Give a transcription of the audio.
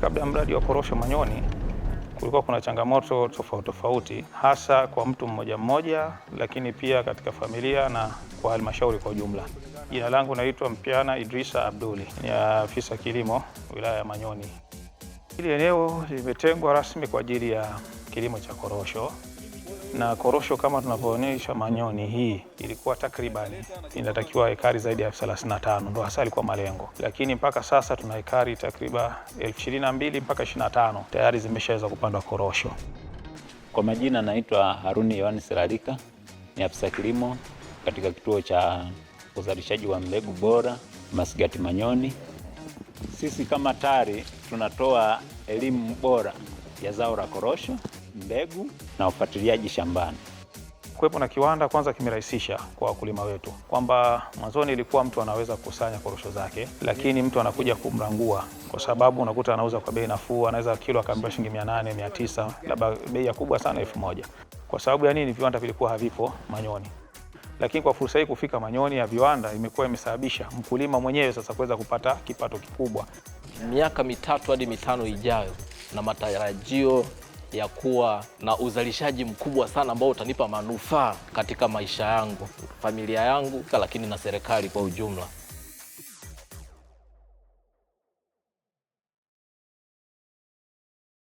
Kabla ya mradi wa korosho Manyoni, kulikuwa kuna changamoto tofauti tofauti, hasa kwa mtu mmoja mmoja, lakini pia katika familia na kwa halmashauri kwa ujumla. Jina langu naitwa Mpiana Idrisa Abduli, ni afisa kilimo wilaya ya Manyoni. Hili eneo limetengwa rasmi kwa ajili ya kilimo cha korosho na korosho kama tunavyoonyesha Manyoni, hii ilikuwa takriban inatakiwa ekari zaidi ya elfu thelathini na tano ndo hasa ilikuwa malengo, lakini mpaka sasa tuna ekari takriban elfu ishirini na mbili mpaka ishirini na tano tayari zimeshaweza kupandwa korosho. Kwa majina naitwa Haruni Yohani Serarika, ni afisa kilimo katika kituo cha uzalishaji wa mbegu bora Masigati Manyoni. Sisi kama TARI tunatoa elimu bora ya zao la korosho, mbegu na ufuatiliaji shambani. Kuwepo na kiwanda kwanza kimerahisisha kwa wakulima wetu, kwamba mwanzoni ilikuwa mtu anaweza kukusanya korosho zake, lakini mtu anakuja kumrangua, kwa sababu unakuta anauza kwa bei nafuu, anaweza kilo akaambiwa shilingi 800, 900, labda bei ya kubwa sana moja Kwa sababu ya nini? Viwanda vilikuwa havipo Manyoni, lakini kwa fursa hii kufika Manyoni ya viwanda imekuwa imesababisha mkulima mwenyewe sasa kuweza kupata kipato kikubwa. Miaka mitatu hadi mitano ijayo na matarajio ya kuwa na uzalishaji mkubwa sana ambao utanipa manufaa katika maisha yangu, familia yangu, lakini na serikali kwa ujumla.